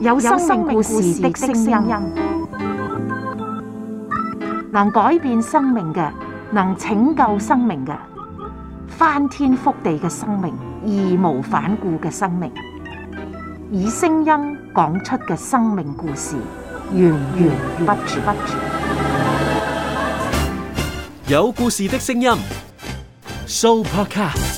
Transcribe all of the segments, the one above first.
有生命故事的聲音，能改變生命嘅，能拯救生命嘅，翻天覆地嘅生命，義無反顧嘅生命，以聲音講出嘅生命故事，源源不絕。有故事的聲音，Soupercast。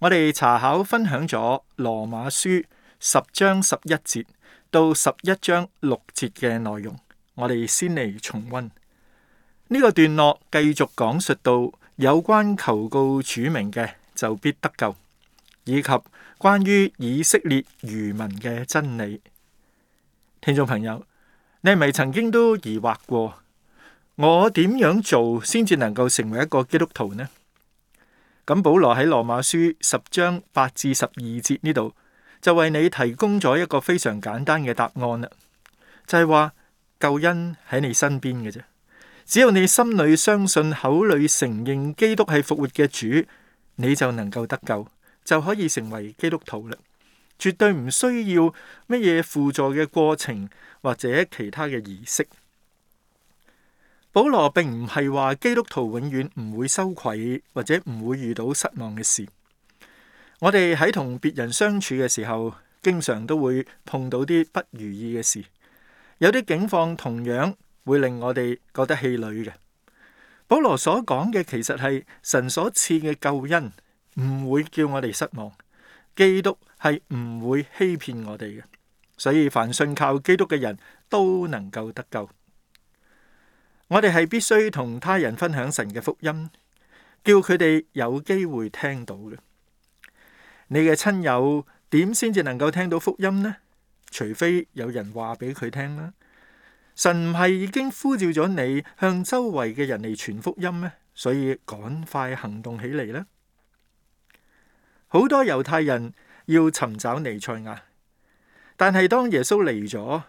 我哋查考分享咗羅馬書十章十一節到十一章六節嘅內容，我哋先嚟重溫呢、這個段落，繼續講述到有關求告主名嘅就必得救，以及關於以色列餘民嘅真理。聽眾朋友，你係咪曾經都疑惑過我點樣做先至能夠成為一個基督徒呢？咁保羅喺羅馬書十章八至十二節呢度就為你提供咗一個非常簡單嘅答案啦，就係話救恩喺你身邊嘅啫，只要你心裏相信，口裏承認基督係復活嘅主，你就能夠得救，就可以成為基督徒啦，絕對唔需要乜嘢輔助嘅過程或者其他嘅儀式。保羅並唔係話基督徒永遠唔會羞愧，或者唔會遇到失望嘅事。我哋喺同別人相處嘅時候，經常都會碰到啲不如意嘅事。有啲境況同樣會令我哋覺得氣餒嘅。保羅所講嘅其實係神所賜嘅救恩，唔會叫我哋失望。基督係唔會欺騙我哋嘅，所以凡信靠基督嘅人都能夠得救。我哋係必須同他人分享神嘅福音，叫佢哋有機會聽到嘅。你嘅親友點先至能夠聽到福音呢？除非有人話俾佢聽啦。神唔係已經呼召咗你向周圍嘅人嚟傳福音咩？所以趕快行動起嚟啦！好多猶太人要尋找彌賽亞，但係當耶穌嚟咗，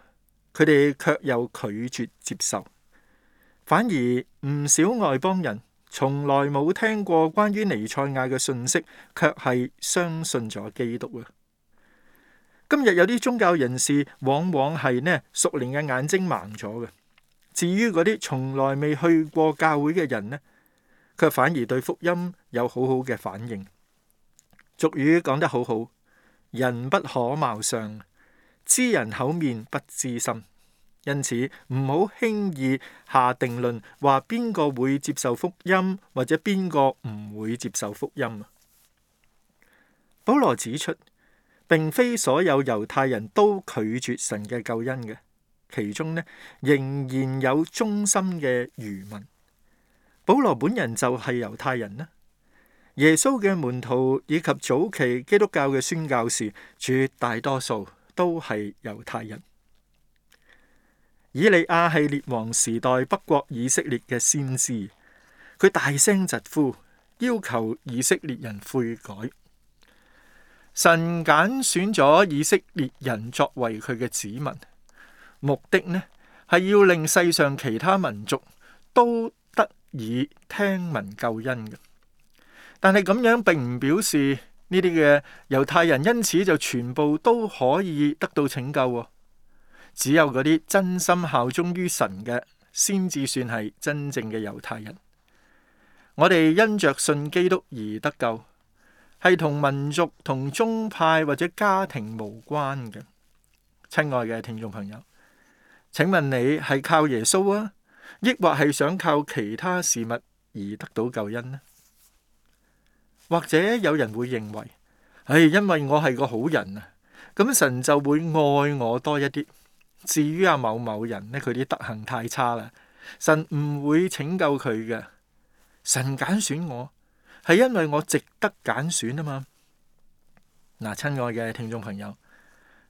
佢哋卻又拒絕接受。反而唔少外邦人從來冇聽過關於尼賽亞嘅信息，卻係相信咗基督啊！今日有啲宗教人士往往係呢，熟練嘅眼睛盲咗嘅。至於嗰啲從來未去過教會嘅人呢，卻反而對福音有好好嘅反應。俗語講得好好，人不可貌相，知人口面不知心。因此唔好輕易下定論，話邊個會接受福音，或者邊個唔會接受福音啊。保羅指出，並非所有猶太人都拒絕神嘅救恩嘅，其中呢，仍然有忠心嘅餘民。保羅本人就係猶太人啦。耶穌嘅門徒以及早期基督教嘅宣教士，絕大多數都係猶太人。以利亞係列王時代北國以色列嘅先知，佢大聲疾呼，要求以色列人悔改。神揀選咗以色列人作為佢嘅子民，目的呢係要令世上其他民族都得以聽聞救恩嘅。但係咁樣並唔表示呢啲嘅猶太人因此就全部都可以得到拯救喎。只有嗰啲真心效忠於神嘅，先至算係真正嘅猶太人。我哋因着信基督而得救，係同民族、同宗派或者家庭無關嘅。親愛嘅聽眾朋友，請問你係靠耶穌啊，抑或係想靠其他事物而得到救恩呢？或者有人會認為，唉，因為我係個好人啊，咁神就會愛我多一啲。至於啊某某人呢，佢啲德行太差啦，神唔會拯救佢嘅。神揀選我係因為我值得揀選啊嘛。嗱，親愛嘅聽眾朋友，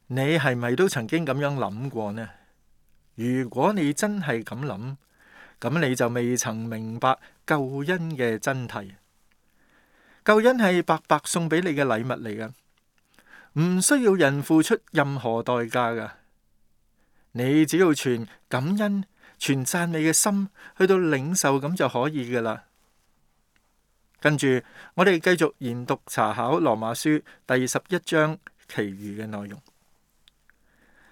你係咪都曾經咁樣諗過呢？如果你真係咁諗，咁你就未曾明白救恩嘅真諦。救恩係白白送俾你嘅禮物嚟噶，唔需要人付出任何代價噶。你只要存感恩、存讚美嘅心，去到領受咁就可以噶啦。跟住我哋繼續研讀查考羅馬書第十一章其餘嘅內容。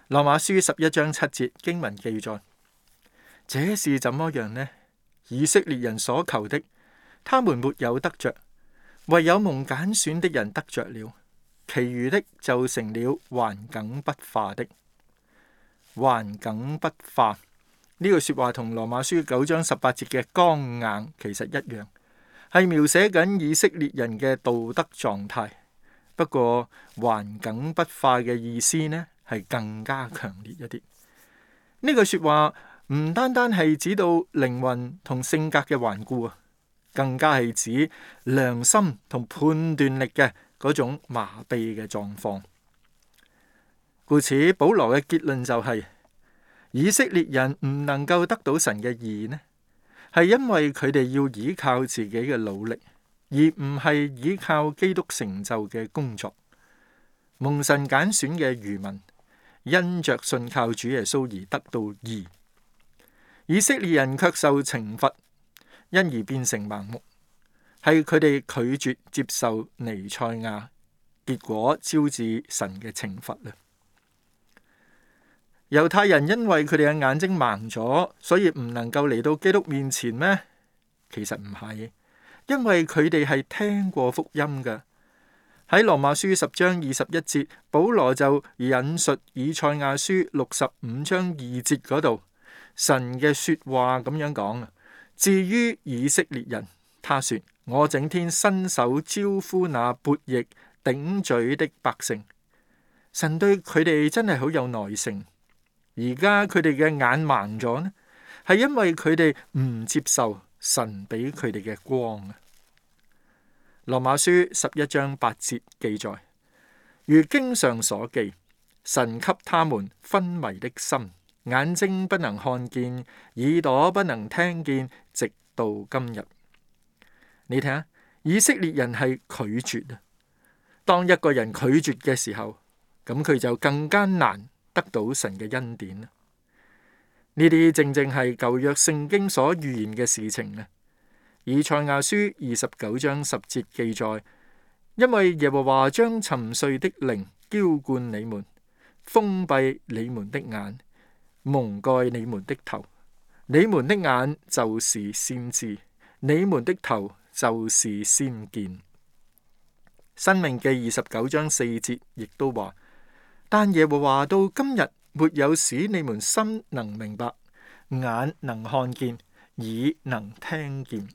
羅馬書十一章七節經文記載：這是怎麼樣呢？以色列人所求的，他們沒有得着，唯有蒙揀選的人得着了，其餘的就成了頑梗不化的。頑梗不化呢句、這個、說話同羅馬書九章十八節嘅剛硬其實一樣，係描寫緊以色列人嘅道德狀態。不過頑梗不化嘅意思呢係更加強烈一啲。呢、這、句、個、說話唔單單係指到靈魂同性格嘅頑固啊，更加係指良心同判斷力嘅嗰種麻痹嘅狀況。故此，保羅嘅結論就係、是：以色列人唔能夠得到神嘅義，呢，係因為佢哋要依靠自己嘅努力，而唔係依靠基督成就嘅工作。蒙神揀選嘅餘民，因着信靠主耶穌而得到義；以色列人卻受懲罰，因而變成盲目，係佢哋拒絕接受彌賽亞，結果招致神嘅懲罰啦。猶太人因為佢哋嘅眼睛盲咗，所以唔能夠嚟到基督面前咩？其實唔係，因為佢哋係聽過福音嘅。喺羅馬書十章二十一節，保羅就引述以賽亞書六十五章二節嗰度神嘅說話，咁樣講。至於以色列人，他說我整天伸手招呼那悖逆頂嘴的百姓，神對佢哋真係好有耐性。而家佢哋嘅眼盲咗呢，係因為佢哋唔接受神俾佢哋嘅光啊。羅馬書十一章八節記載，如經上所記，神給他們昏迷的心，眼睛不能看見，耳朵不能聽見，直到今日。你睇下，以色列人係拒絕啊。當一個人拒絕嘅時候，咁佢就更艱難。得到神嘅恩典。呢啲正正係舊約聖經所預言嘅事情呢？以賽亞書二十九章十節記載：因為耶和華將沉睡的靈澆灌你們，封閉你們的眼，蒙蓋你們的頭。你們的眼就是先知，你們的頭就是先見。申命記二十九章四節亦都話。但耶和華到今日沒有使你們心能明白、眼能看見、耳能聽見。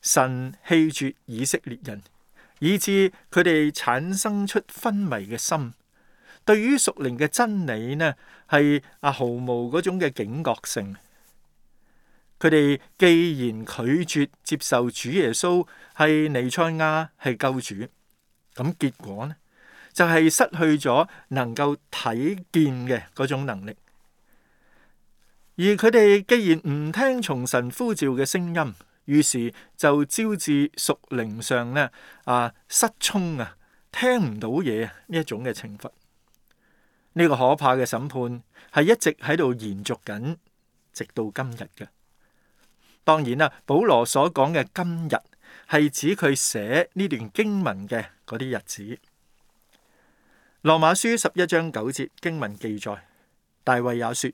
神棄絕以色列人，以致佢哋產生出昏迷嘅心，對於屬靈嘅真理呢係啊毫無嗰種嘅警覺性。佢哋既然拒絕接受主耶穌係彌賽亞係救主，咁結果呢？就係失去咗能夠睇見嘅嗰種能力，而佢哋既然唔聽從神呼召嘅聲音，於是就招致屬靈上咧啊失聰啊，聽唔到嘢，呢一種嘅懲罰。呢個可怕嘅審判係一直喺度延續緊，直到今日嘅。當然啦，保羅所講嘅今日係指佢寫呢段經文嘅嗰啲日子。羅馬書十一章九節經文記載，大衛也說：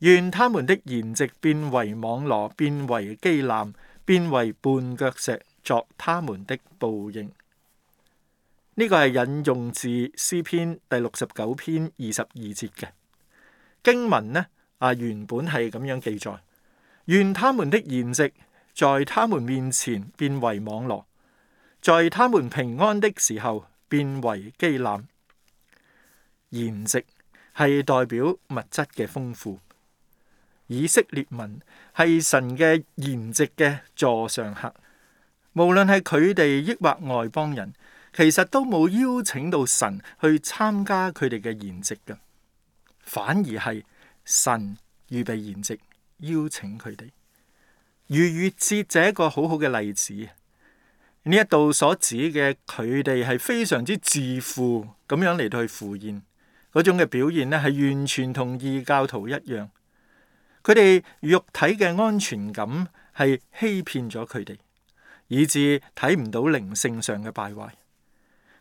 願他們的筵席變為網羅，變為機檻，變為絆腳石，作他們的報應。呢、這個係引用自詩篇第六十九篇二十二節嘅經文呢。啊，原本係咁樣記載：願他們的筵席在他們面前變為網羅，在他們平安的時候變為機檻。筵席係代表物質嘅豐富。以色列文係神嘅筵席嘅座上客，無論係佢哋抑或外邦人，其實都冇邀請到神去參加佢哋嘅筵席噶，反而係神預備筵席邀請佢哋。逾越節就一個好好嘅例子，呢一度所指嘅佢哋係非常之自負咁樣嚟到去赴宴。嗰種嘅表現咧，係完全同異教徒一樣。佢哋肉體嘅安全感係欺騙咗佢哋，以致睇唔到靈性上嘅敗壞。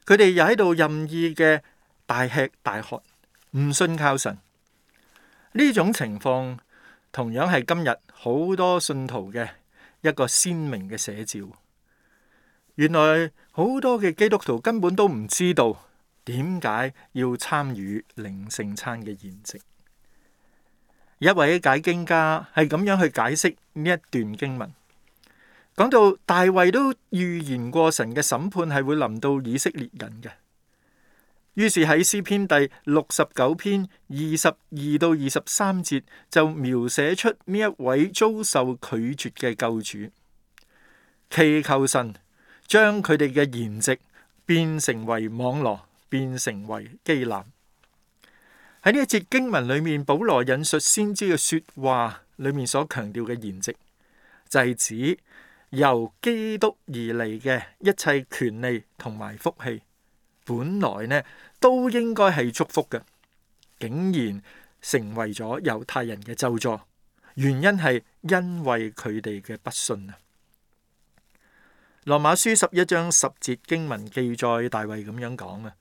佢哋又喺度任意嘅大吃大喝，唔信靠神。呢種情況同樣係今日好多信徒嘅一個鮮明嘅寫照。原來好多嘅基督徒根本都唔知道。點解要參與靈性餐嘅筵席？一位解經家係咁樣去解釋呢一段經文，講到大衛都預言過神嘅審判係會臨到以色列人嘅。於是喺詩篇第六十九篇二十二到二十三節就描寫出呢一位遭受拒絕嘅救主，祈求神將佢哋嘅筵席變成為網羅，變成為機檻。喺呢一節經文裏面，保羅引述先知嘅說話，裏面所強調嘅筵席，就係、是、指由基督而嚟嘅一切權利同埋福氣，本來呢都應該係祝福嘅，竟然成為咗猶太人嘅咒詛。原因係因為佢哋嘅不信啊。羅馬書十一章十節經文記載，大衛咁樣講啊。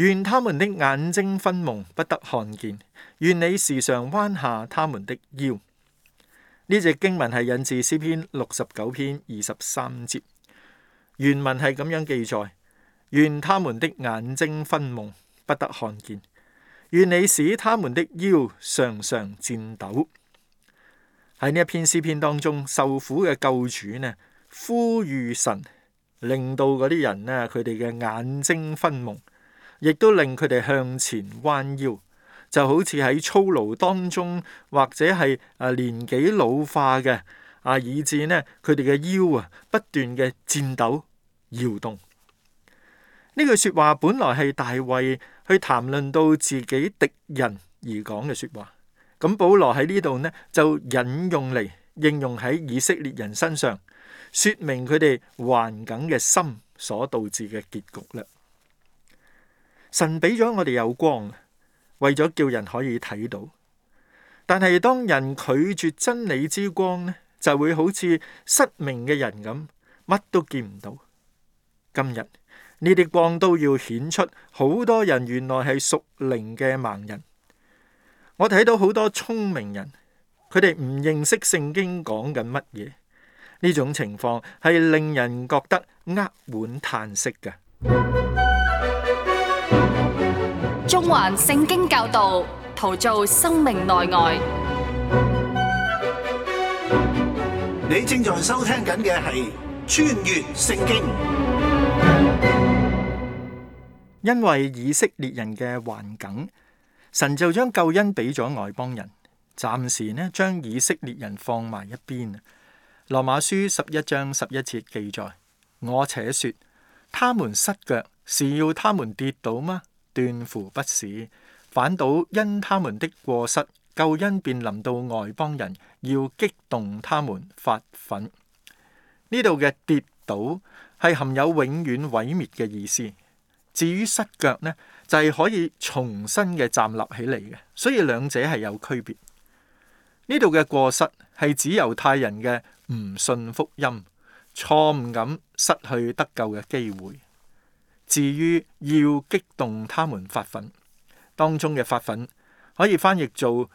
願他們的眼睛昏蒙，不得看見。願你時常彎下他們的腰。呢隻經文係引自詩篇六十九篇二十三節，原文係咁樣記載：願他們的眼睛昏蒙，不得看見。願你使他們的腰常常戰抖。喺呢一篇詩篇當中，受苦嘅救主呢，呼籲神令到嗰啲人呢，佢哋嘅眼睛昏蒙。亦都令佢哋向前彎腰，就好似喺操勞當中，或者係啊年紀老化嘅啊，以至呢佢哋嘅腰啊不斷嘅顫抖搖動。呢句説話本來係大衛去談論到自己敵人而講嘅説話，咁保羅喺呢度呢就引用嚟應用喺以色列人身上，説明佢哋頑梗嘅心所導致嘅結局嘞。神俾咗我哋有光，為咗叫人可以睇到。但係當人拒絕真理之光咧，就會好似失明嘅人咁，乜都見唔到。今日呢啲光都要顯出，好多人原來係屬靈嘅盲人。我睇到好多聰明人，佢哋唔認識聖經講緊乜嘢，呢種情況係令人覺得扼腕嘆息㗎。中環聖經教導，陶造生命內外。你正在收聽緊嘅係《穿越聖經》，因為以色列人嘅環境，神就將救恩俾咗外邦人，暫時呢將以色列人放埋一邊。羅馬書十一章十一節記載：我且說，他們失腳是要他們跌倒嗎？斷乎不是，反倒因他們的過失，救恩便臨到外邦人，要激動他們發憤。呢度嘅跌倒係含有永遠毀滅嘅意思。至於失腳呢，就係、是、可以重新嘅站立起嚟嘅，所以兩者係有區別。呢度嘅過失係指猶太人嘅唔信福音，錯誤咁失去得救嘅機會。至於要激動他們發憤，當中嘅發憤可以翻譯做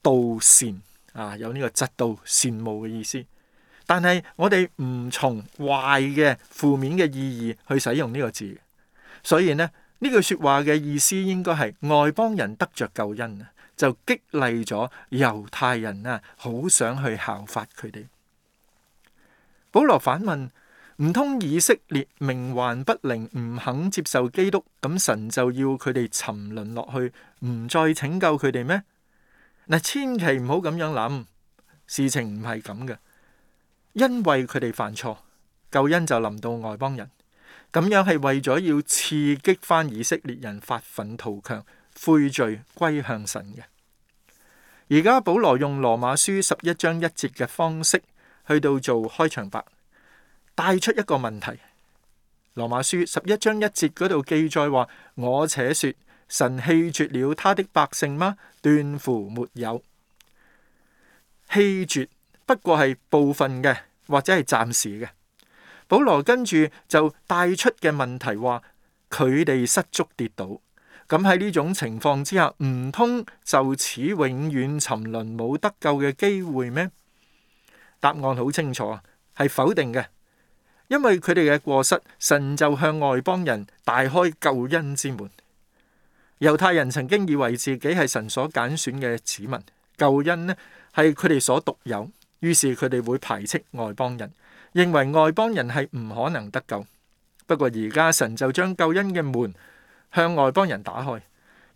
妒羨，啊，有呢個嫉妒羨慕嘅意思。但係我哋唔從壞嘅負面嘅意義去使用呢個字，所以呢，呢句説話嘅意思應該係外邦人得着救恩，就激勵咗猶太人啊，好想去效法佢哋。保羅反問。唔通以色列冥頑不靈，唔肯接受基督，咁神就要佢哋沉淪落去，唔再拯救佢哋咩？嗱，千祈唔好咁樣諗，事情唔係咁嘅，因為佢哋犯錯，救恩就臨到外邦人，咁樣係為咗要刺激返以色列人發奮圖強，悔罪歸向神嘅。而家保羅用羅馬書十一章一節嘅方式去到做開場白。帶出一個問題，《羅馬書》十一章一節嗰度記載話：我且說神棄絕了他的百姓嗎？斷乎沒有。棄絕不過係部分嘅，或者係暫時嘅。保羅跟住就帶出嘅問題話：佢哋失足跌倒，咁喺呢種情況之下，唔通就此永遠沉淪，冇得救嘅機會咩？答案好清楚，係否定嘅。因為佢哋嘅過失，神就向外邦人大開救恩之門。猶太人曾經以為自己係神所揀選嘅子民，救恩呢係佢哋所獨有，於是佢哋會排斥外邦人，認為外邦人係唔可能得救。不過而家神就將救恩嘅門向外邦人打開，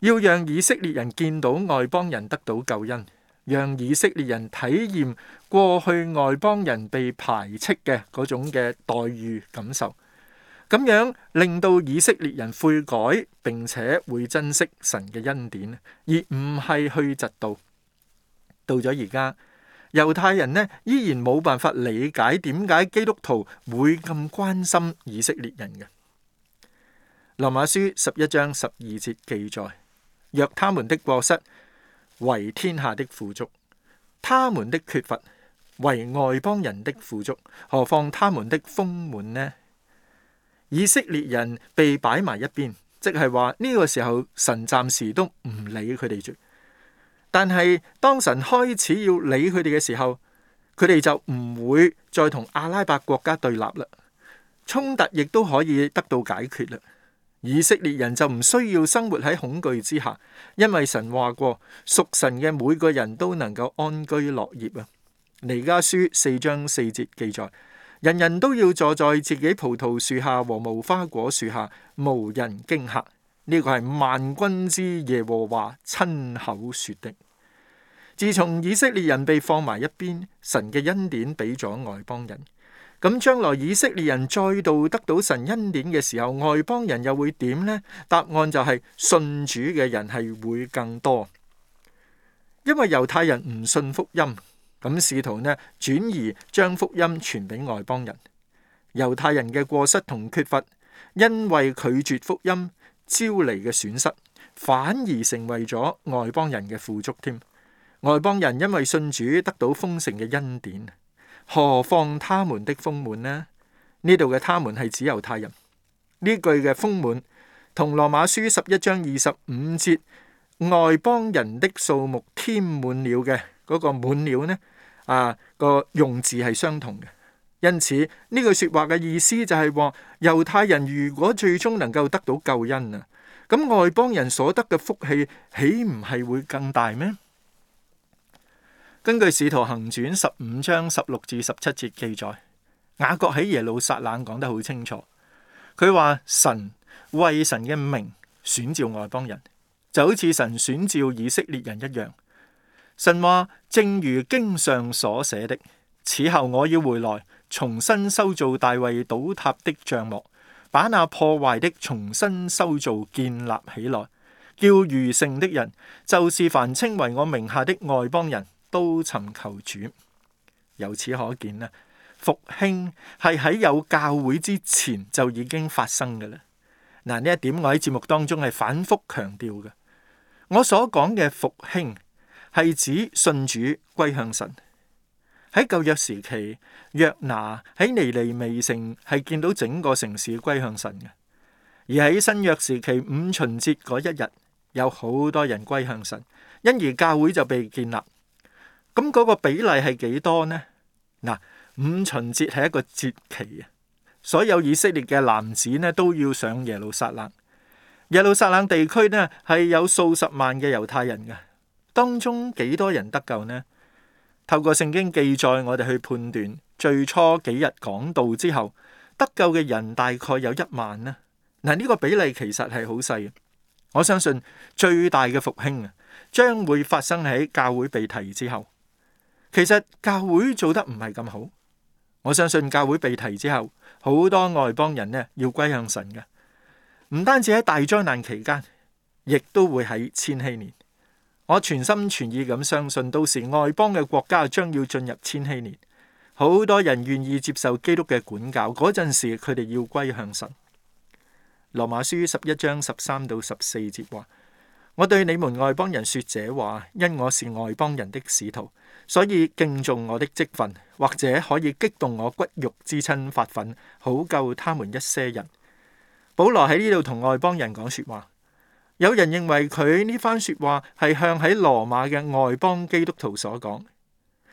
要讓以色列人見到外邦人得到救恩，讓以色列人體驗過去外邦人被排斥嘅嗰種嘅待遇感受，咁樣令到以色列人悔改，並且會珍惜神嘅恩典，而唔係去窒道。到咗而家，猶太人呢依然冇辦法理解點解基督徒會咁關心以色列人嘅。羅馬書十一章十二節記載：若他們的過失。為天下的富足，他們的缺乏，為外邦人的富足，何況他們的豐滿呢？以色列人被擺埋一邊，即係話呢個時候神暫時都唔理佢哋住。但係當神開始要理佢哋嘅時候，佢哋就唔會再同阿拉伯國家對立嘞。衝突亦都可以得到解決嘞。以色列人就唔需要生活喺恐懼之下，因為神話過，屬神嘅每個人都能夠安居樂業啊。彌迦書四章四節記載，人人都要坐在自己葡萄樹下和無花果樹下，無人驚嚇。呢、這個係萬軍之耶和華親口說的。自從以色列人被放埋一邊，神嘅恩典俾咗外邦人。咁將來以色列人再度得到神恩典嘅時候，外邦人又會點呢？答案就係信主嘅人係會更多，因為猶太人唔信福音，咁試圖呢，轉移將福音傳俾外邦人。猶太人嘅過失同缺乏，因為拒絕福音招嚟嘅損失，反而成為咗外邦人嘅富足添。外邦人因為信主得到豐盛嘅恩典。何況他們的豐滿呢？呢度嘅他們係指猶太人。呢句嘅豐滿同羅馬書十一章二十五節外邦人的數目添滿了嘅嗰個滿了呢，啊個用字係相同嘅，因此呢句說話嘅意思就係話猶太人如果最終能夠得到救恩啊，咁外邦人所得嘅福氣豈唔係會更大咩？根據《使徒行傳》十五章十六至十七節記載，雅各喺耶路撒冷講得好清楚。佢話：神為神嘅名選召外邦人，就好似神選召以色列人一樣。神話正如經上所寫的：此後我要回來，重新修造大衛倒塌的帳幕，把那破壞的重新修造建立起來，叫餘剩的人就是凡稱為我名下的外邦人。都尋求主，由此可見啦。復興係喺有教會之前就已經發生嘅啦。嗱，呢一點我喺節目當中係反覆強調嘅。我所講嘅復興係指信主歸向神。喺舊約時期，約拿喺尼尼微城係見到整個城市歸向神嘅；而喺新約時期，五旬節嗰一日，有好多人歸向神，因而教會就被建立。咁嗰個比例係幾多呢？嗱，五旬節係一個節期啊，所有以色列嘅男子呢都要上耶路撒冷。耶路撒冷地區呢係有數十萬嘅猶太人嘅，當中幾多人得救呢？透過聖經記載，我哋去判斷最初幾日講道之後得救嘅人大概有一萬啦。嗱，呢個比例其實係好細嘅。我相信最大嘅復興啊，將會發生喺教會被提之後。其實教會做得唔係咁好，我相信教會被提之後，好多外邦人呢要歸向神嘅，唔單止喺大災難期間，亦都會喺千禧年。我全心全意咁相信，到時外邦嘅國家將要進入千禧年，好多人願意接受基督嘅管教，嗰陣時佢哋要歸向神。羅馬書十一章十三到十四節話。我對你們外邦人說這話，因我是外邦人的使徒，所以敬重我的職分，或者可以激動我骨肉之親發憤，好救他們一些人。保羅喺呢度同外邦人講說話，有人認為佢呢番說話係向喺羅馬嘅外邦基督徒所講，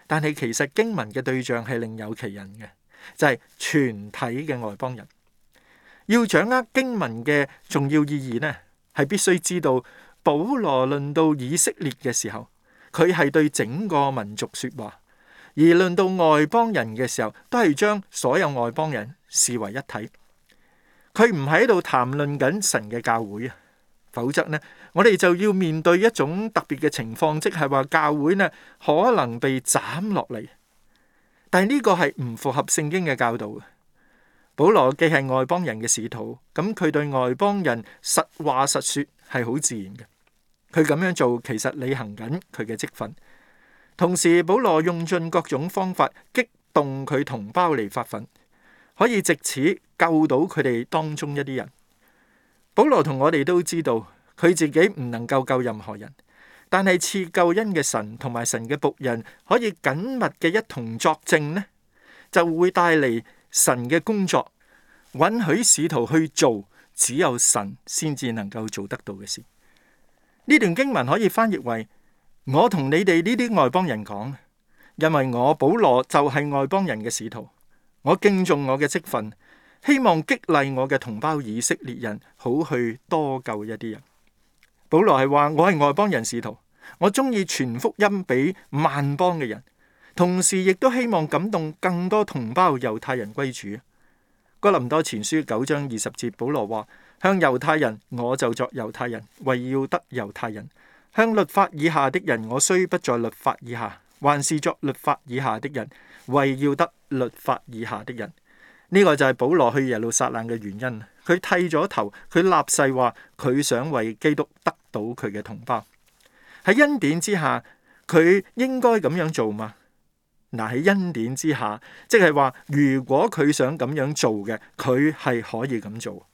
但係其實經文嘅對象係另有其人嘅，就係、是、全體嘅外邦人。要掌握經文嘅重要意義呢，係必須知道。保羅論到以色列嘅時候，佢係對整個民族說話；而論到外邦人嘅時候，都係將所有外邦人視為一體。佢唔喺度談論緊神嘅教會啊，否則呢，我哋就要面對一種特別嘅情況，即係話教會呢可能被斬落嚟。但係呢個係唔符合聖經嘅教導嘅。保羅既係外邦人嘅使徒，咁佢對外邦人實話實說係好自然嘅。佢咁樣做，其實履行緊佢嘅職份。同時，保羅用盡各種方法激動佢同胞嚟發憤，可以借此救到佢哋當中一啲人。保羅同我哋都知道，佢自己唔能夠救任何人，但係賜救恩嘅神同埋神嘅僕人可以緊密嘅一同作證呢，就會帶嚟神嘅工作，允許使徒去做只有神先至能夠做得到嘅事。呢段經文可以翻譯為：我同你哋呢啲外邦人講，因為我保羅就係外邦人嘅使徒，我敬重我嘅職分，希望激勵我嘅同胞以色列人好去多救一啲人。保羅係話我係外邦人使徒，我中意傳福音俾萬邦嘅人，同時亦都希望感動更多同胞猶太人歸主。哥林多前書九章二十節，保羅話。向猶太人，我就作猶太人，為要得猶太人；向律法以下的人，我雖不在律法以下，還是作律法以下的人，為要得律法以下的人。呢個就係保羅去耶路撒冷嘅原因。佢剃咗頭，佢立誓話佢想為基督得到佢嘅同胞。喺恩典之下，佢應該咁樣做嘛？嗱，喺恩典之下，即係話如果佢想咁樣做嘅，佢係可以咁做。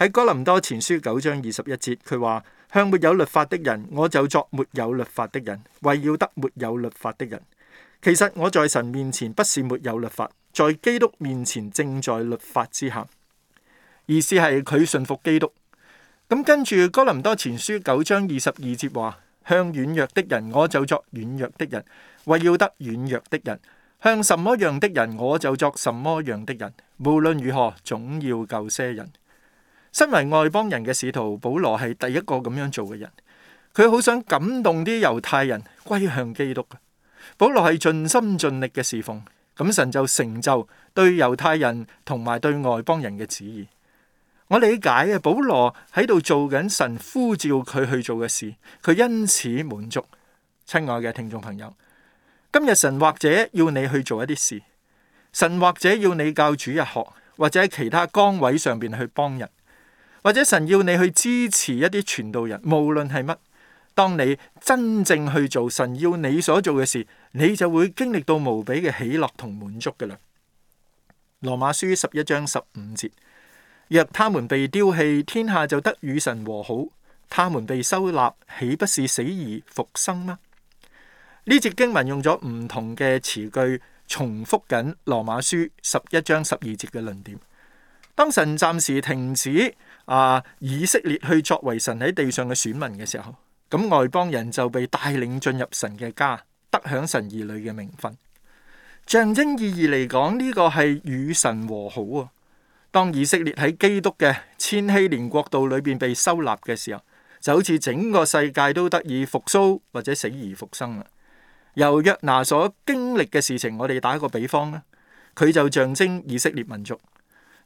喺哥林多前書九章二十一節，佢話：向沒有律法的人，我就作沒有律法的人，為要得沒有律法的人。其實我在神面前不是沒有律法，在基督面前正在律法之下，意思係佢信服基督。咁跟住哥林多前書九章二十二節話：向軟弱的人，我就作軟弱的人，為要得軟弱的人；向什麼樣的人，我就作什麼樣的人。無論如何，總要救些人。身為外邦人嘅使徒保羅係第一個咁樣做嘅人，佢好想感動啲猶太人歸向基督。保羅係盡心盡力嘅侍奉，咁神就成就對猶太人同埋對外邦人嘅旨意。我理解嘅保羅喺度做緊神呼召佢去做嘅事，佢因此滿足。親愛嘅聽眾朋友，今日神或者要你去做一啲事，神或者要你教主日學，或者喺其他崗位上面去幫人。或者神要你去支持一啲傳道人，無論係乜，當你真正去做神要你所做嘅事，你就會經歷到無比嘅喜樂同滿足㗎喇。羅馬書十一章十五節：若他們被丟棄，天下就得與神和好；他們被收納，豈不是死而復生嗎？呢節經文用咗唔同嘅詞句重複緊羅馬書十一章十二節嘅論點。當神暫時停止。啊！以色列去作為神喺地上嘅選民嘅時候，咁外邦人就被帶領進入神嘅家，得享神兒女嘅名分。象徵意義嚟講，呢個係與神和好啊！當以色列喺基督嘅千禧年國度裏邊被收納嘅時候，就好似整個世界都得以復甦或者死而復生啦。由約拿所經歷嘅事情，我哋打一個比方啦，佢就象徵以色列民族。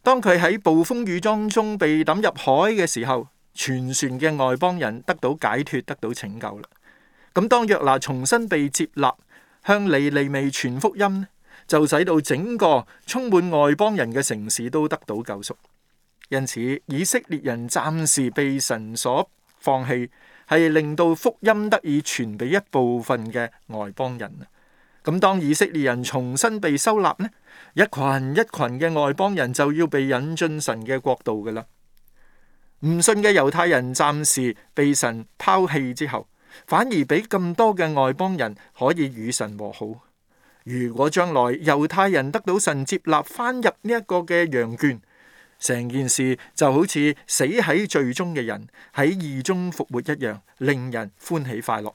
當佢喺暴風雨當中，中被抌入海嘅時候，全船嘅外邦人得到解脱，得到拯救啦。咁當約拿重新被接納，向尼尼微傳福音，就使到整個充滿外邦人嘅城市都得到救贖。因此，以色列人暫時被神所放棄，係令到福音得以傳俾一部分嘅外邦人。咁當以色列人重新被收納呢，一群一群嘅外邦人就要被引進神嘅國度噶啦。唔信嘅猶太人暫時被神拋棄之後，反而俾咁多嘅外邦人可以與神和好。如果將來猶太人得到神接納，返入呢一個嘅羊圈，成件事就好似死喺罪中嘅人喺二中復活一樣，令人歡喜快樂。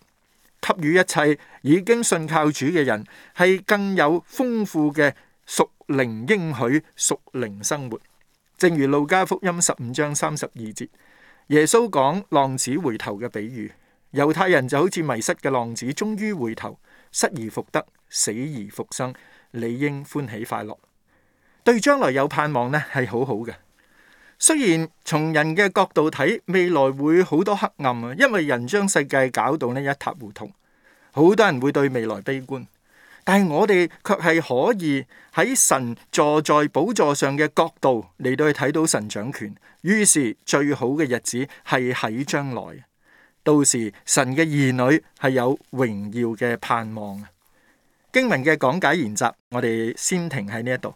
給予一切已經信靠主嘅人，係更有豐富嘅屬靈應許、屬靈生活。正如路加福音十五章三十二節，耶穌講浪子回頭嘅比喻，猶太人就好似迷失嘅浪子，終於回頭，失而復得，死而復生，理應歡喜快樂，對將來有盼望呢，係好好嘅。雖然從人嘅角度睇，未來會好多黑暗啊，因為人將世界搞到呢一塌糊塗，好多人會對未來悲觀。但係我哋卻係可以喺神坐在寶座上嘅角度嚟到去睇到神掌權。於是最好嘅日子係喺將來，到時神嘅兒女係有榮耀嘅盼望啊！經文嘅講解研習，我哋先停喺呢一度。